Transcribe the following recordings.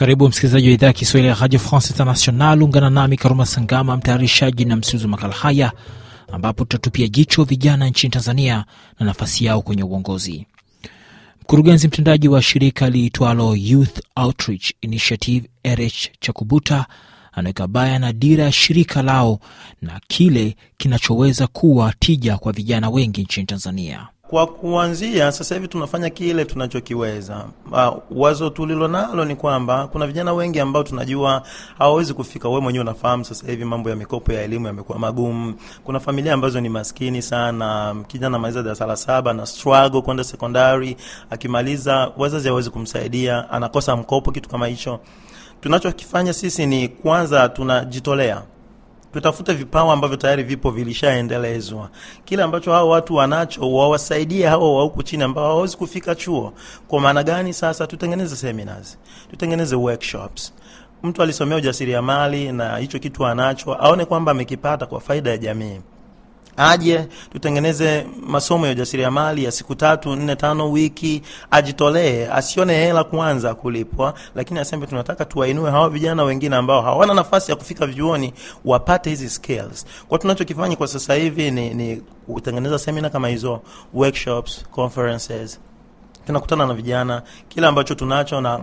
Karibu msikilizaji wa idhaa ya Kiswahili ya Radio France International. Ungana nami Karuma Sangama, mtayarishaji na msiuzi wa makala haya, ambapo tutatupia jicho vijana nchini Tanzania na nafasi yao kwenye uongozi. Mkurugenzi mtendaji wa shirika liitwalo Youth Outreach Initiative, Erich Chakubuta, anaweka baya na dira ya shirika lao na kile kinachoweza kuwa tija kwa vijana wengi nchini Tanzania. Kwa kuanzia sasa hivi tunafanya kile tunachokiweza. Ah, wazo tulilo nalo ni kwamba kuna vijana wengi ambao tunajua hawawezi kufika. we mwenyewe unafahamu sasa hivi mambo ya mikopo ya elimu yamekuwa magumu. Kuna familia ambazo ni maskini sana. Kijana maliza darasa la saba na strago kwenda sekondari, akimaliza wazazi hawezi kumsaidia, anakosa mkopo, kitu kama hicho. Tunachokifanya sisi ni kwanza tunajitolea tutafute vipawa ambavyo tayari vipo vilishaendelezwa. Kile ambacho hao watu wanacho wawasaidie hao wa huku chini ambao hawawezi kufika chuo. Kwa maana gani? Sasa tutengeneze seminars, tutengeneze workshops mtu alisomea ujasiriamali na hicho kitu anacho aone kwamba amekipata kwa faida ya jamii aje tutengeneze masomo ya ujasiriamali ya siku tatu nne tano wiki, ajitolee, asione hela kwanza kulipwa, lakini aseme tunataka tuwainue hawa vijana wengine ambao hawana nafasi ya kufika vyuoni wapate hizi skills. Kwa tunachokifanya kwa sasa hivi ni, ni kutengeneza semina kama hizo, workshops, conferences. Tunakutana na vijana, kila ambacho tunacho na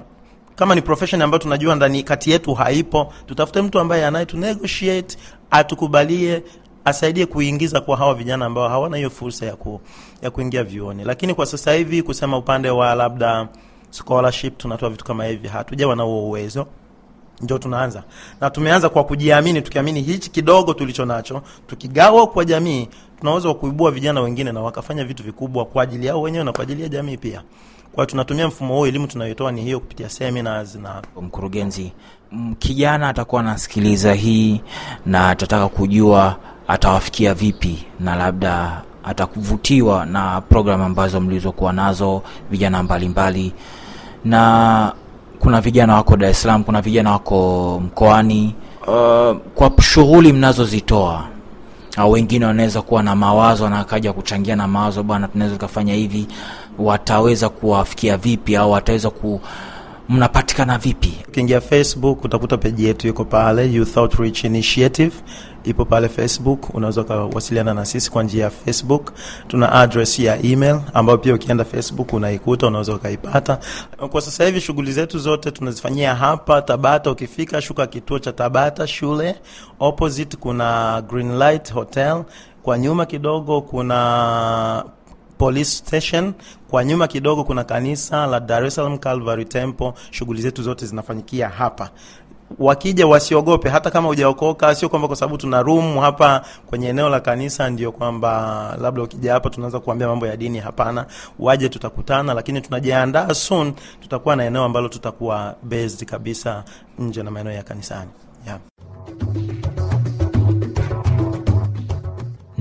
kama ni profession ambayo tunajua ndani kati yetu haipo, tutafute mtu ambaye anaye tu negotiate, atukubalie asaidie kuingiza kwa hawa vijana ambao hawana hiyo fursa ya, ku, ya kuingia vyuoni. Lakini kwa sasa hivi kusema upande wa labda scholarship, tunatoa vitu kama hivi, hatujawa na huo uwezo ndio tunaanza na tumeanza kwa kujiamini, tukiamini hichi kidogo tulicho nacho tukigawa kwa jamii, tunaweza kuibua vijana wengine na wakafanya vitu vikubwa kwa ajili yao wenyewe na kwa ajili ya jamii pia. Kwa hiyo tunatumia mfumo huo, elimu tunayotoa ni hiyo kupitia seminars. Na mkurugenzi, kijana atakuwa anasikiliza hii na atataka kujua atawafikia vipi na labda atakuvutiwa na programu ambazo mlizokuwa nazo vijana mbalimbali mbali. Na kuna vijana wako Dar es Salaam, kuna vijana wako mkoani. Uh, kwa shughuli mnazozitoa au wengine wanaweza kuwa na mawazo na akaja kuchangia na mawazo, bwana, tunaweza tukafanya hivi, wataweza kuwafikia vipi au wataweza ku mnapatikana vipi? Ukiingia Facebook utakuta peji yetu iko pale, Youth Outreach Initiative ipo pale Facebook. Unaweza ukawasiliana na sisi kwa njia ya Facebook. Tuna address ya email ambayo pia ukienda Facebook unaikuta, unaweza ukaipata. Kwa sasa hivi shughuli zetu zote tunazifanyia hapa Tabata. Ukifika shuka kituo cha Tabata shule, opposite kuna Greenlight Hotel, kwa nyuma kidogo kuna police station, kwa nyuma kidogo kuna kanisa la Dar es Salaam Calvary Temple. Shughuli zetu zote zinafanyikia hapa. Wakija wasiogope, hata kama hujaokoka. Sio kwamba kwa sababu tuna room hapa kwenye eneo la kanisa ndio kwamba labda ukija hapa tunaanza kuambia mambo ya dini. Hapana, waje, tutakutana, lakini tunajiandaa soon, tutakuwa na eneo ambalo tutakuwa based kabisa nje na maeneo ya kanisani yeah.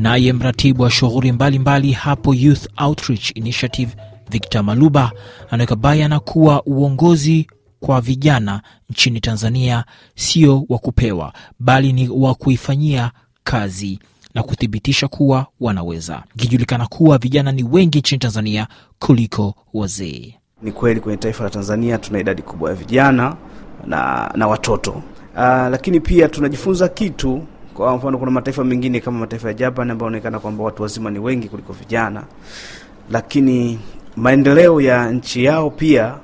Naye mratibu wa shughuli mbalimbali hapo Youth Outreach Initiative Victor Maluba anaweka bayana kuwa uongozi kwa vijana nchini Tanzania sio wa kupewa bali ni wa kuifanyia kazi na kuthibitisha kuwa wanaweza, ikijulikana kuwa vijana ni wengi nchini Tanzania kuliko wazee. Ni kweli kwenye taifa la Tanzania tuna idadi kubwa ya vijana na, na watoto uh, lakini pia tunajifunza kitu kwa mfano, kuna mataifa mengine kama mataifa ya Japan ambayo inaonekana kwamba watu wazima ni wengi kuliko vijana, lakini maendeleo ya nchi yao pia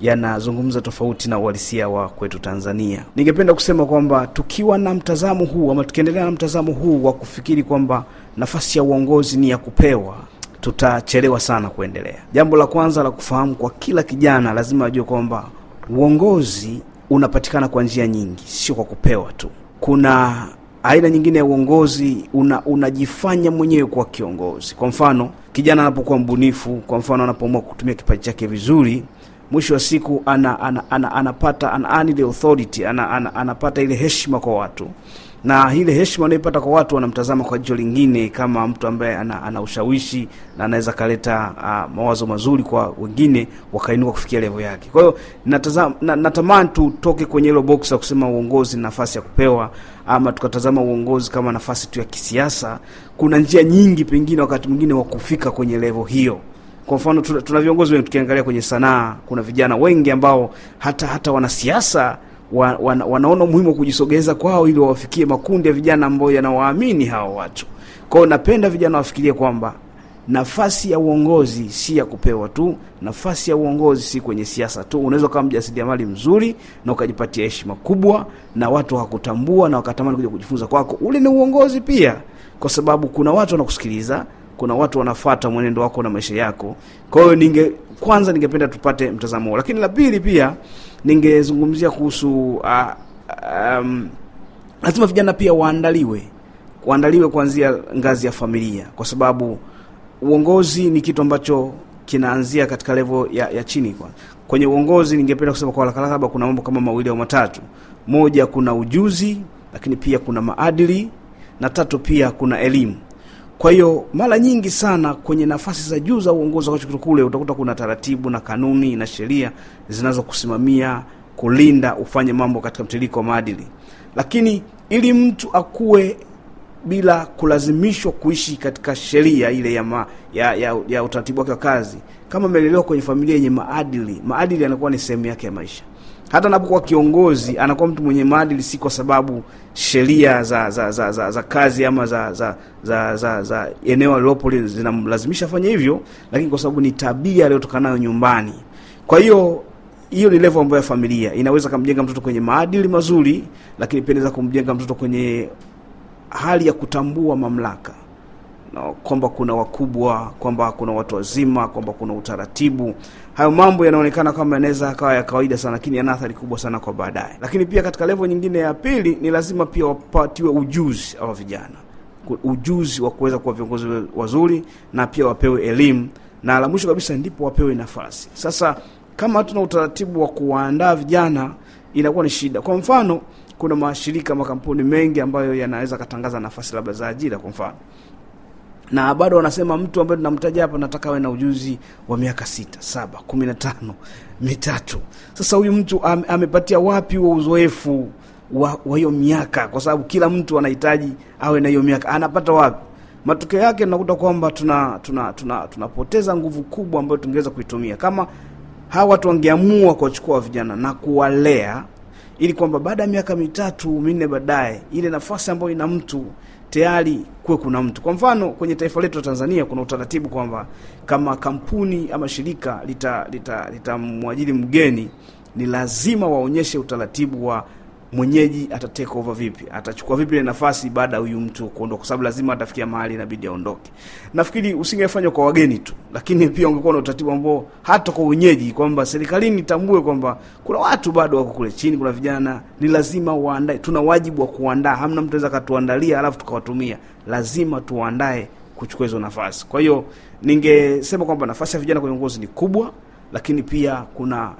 yanazungumza tofauti na uhalisia wa kwetu Tanzania. Ningependa kusema kwamba tukiwa na mtazamo huu ama tukiendelea na mtazamo huu wa kufikiri kwamba nafasi ya uongozi ni ya kupewa, tutachelewa sana kuendelea. Jambo la kwanza la kufahamu kwa kila kijana, lazima ajue kwamba uongozi unapatikana kwa njia nyingi, sio kwa kupewa tu. Kuna aina nyingine ya uongozi una, unajifanya mwenyewe kuwa kiongozi. Kwa mfano, kijana anapokuwa mbunifu, kwa mfano, anapoamua kutumia kipaji chake vizuri, mwisho wa siku ana, ana, ana, anapata ana, ana, authority ana, ana, anapata ile heshima kwa watu na ile heshima anayoipata kwa watu wanamtazama kwa jicho lingine kama mtu ambaye ana, ana ushawishi na anaweza kaleta uh, mawazo mazuri kwa wengine wakainuka kufikia levo yake. Kwa hiyo na, natamani tutoke kwenye hilo box ya kusema uongozi nafasi ya kupewa ama tukatazama uongozi kama nafasi tu ya kisiasa. Kuna njia nyingi pengine wakati mwingine wa kufika kwenye levo hiyo. Kwa mfano tuna, tuna viongozi wengi, tukiangalia kwenye sanaa kuna vijana wengi ambao hata hata wanasiasa wa, wa, wanaona umuhimu wa kujisogeza kwao ili wawafikie makundi ya vijana ambayo yanawaamini hawa watu. kwao. napenda vijana wafikirie kwamba nafasi ya uongozi si ya kupewa tu. Nafasi ya uongozi si kwenye siasa tu. Unaweza ukawa mjasiriamali mzuri na ukajipatia heshima kubwa na watu wakakutambua na wakatamani kuja kujifunza kwako, ule ni uongozi pia, kwa sababu kuna watu wanakusikiliza, kuna watu wanafata mwenendo wako na maisha yako. Kwa hiyo ninge kwanza, ningependa tupate mtazamo lakini la pili pia ningezungumzia kuhusu uh, um, lazima vijana pia waandaliwe waandaliwe kuanzia ngazi ya familia, kwa sababu uongozi ni kitu ambacho kinaanzia katika levo ya, ya chini kwa. Kwenye uongozi ningependa kusema kwa haraka kuna mambo kama mawili au matatu. Moja, kuna ujuzi, lakini pia kuna maadili, na tatu pia kuna elimu. Kwa hiyo mara nyingi sana kwenye nafasi za juu za uongozi wa chuo kule utakuta kuna taratibu na kanuni na sheria zinazokusimamia kulinda ufanye mambo katika mtiririko wa maadili, lakini ili mtu akuwe bila kulazimishwa kuishi katika sheria ile ya, ma, ya, ya, ya utaratibu wake wa kazi, kama amelelewa kwenye familia yenye maadili, maadili yanakuwa ni sehemu yake ya maisha hata anapokuwa kiongozi anakuwa mtu mwenye maadili, si kwa sababu sheria za za, za, za, za kazi ama za za za, za, za eneo alilopo zinamlazimisha afanye hivyo, lakini kwa sababu ni tabia aliyotokana nayo nyumbani. Kwa hiyo hiyo ni level ambayo ya familia inaweza kumjenga mtoto kwenye maadili mazuri, lakini pia inaweza kumjenga mtoto kwenye hali ya kutambua mamlaka kwamba kuna wakubwa, kwamba kuna watu wazima, kwamba kuna utaratibu. Hayo mambo yanaonekana kama yanaweza akawa ya kawaida sana, lakini yana athari kubwa sana kwa baadaye. Lakini pia katika levo nyingine ya pili, ni lazima pia wapatiwe ujuzi awa vijana, ujuzi wa kuweza kuwa viongozi wazuri, na pia wapewe elimu, na la mwisho kabisa ndipo wapewe nafasi. Sasa kama hatuna utaratibu wa kuwaandaa vijana, inakuwa ni shida. Kwa mfano, kuna mashirika, makampuni mengi ambayo yanaweza katangaza nafasi labda za ajira, kwa mfano na bado wanasema mtu ambaye tunamtaja hapa nataka awe na ujuzi wa miaka sita saba kumi na tano mitatu sasa huyu mtu am, amepatia wapi wa uzoefu wa, wa hiyo miaka kwa sababu kila mtu anahitaji awe na hiyo miaka anapata wapi matokeo yake tunakuta kwamba tuna tunapoteza tuna, tuna, tuna nguvu kubwa ambayo tungeweza kuitumia kama hawa watu wangeamua kuwachukua vijana na kuwalea ili kwamba baada ya miaka mitatu minne baadaye ile nafasi ambayo ina mtu tayari kuwe kuna mtu. Kwa mfano kwenye taifa letu la Tanzania kuna utaratibu kwamba kama kampuni ama shirika litamwajiri lita, lita, lita mgeni ni lazima waonyeshe utaratibu wa mwenyeji ata take over vipi, atachukua vipi ile nafasi baada ya huyu mtu kuondoka, kwa sababu lazima atafikia mahali inabidi aondoke. Nafikiri usingefanywa kwa wageni tu, lakini pia ungekuwa na utaratibu ambao hata kwa wenyeji, kwamba serikalini itambue kwamba kuna watu bado wako kule chini, kuna vijana ni lazima waandae. Tuna wajibu wa kuandaa, hamna mtu anaweza katuandalia alafu tukawatumia, lazima tuwaandae kuchukua hizo nafasi. Kwa hiyo ningesema kwamba nafasi ya vijana kwenye uongozi ni kubwa, lakini pia kuna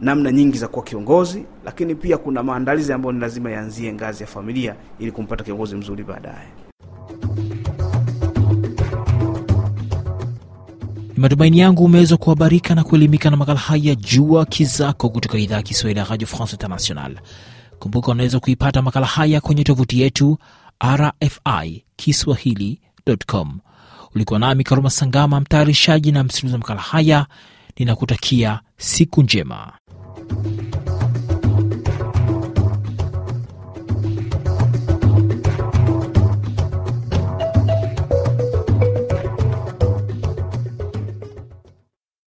namna nyingi za kuwa kiongozi, lakini pia kuna maandalizi ambayo ni lazima yaanzie ngazi ya familia ili kumpata kiongozi mzuri baadaye. Ni matumaini yangu umeweza kuhabarika na kuelimika na makala haya Jua Kizako kutoka idhaa ya Kiswahili ya Radio France International. Kumbuka unaweza kuipata makala haya kwenye tovuti yetu RFI Kiswahili.com. Ulikuwa nami Karuma Sangama, mtayarishaji na msimulizi wa makala haya. Ninakutakia siku njema.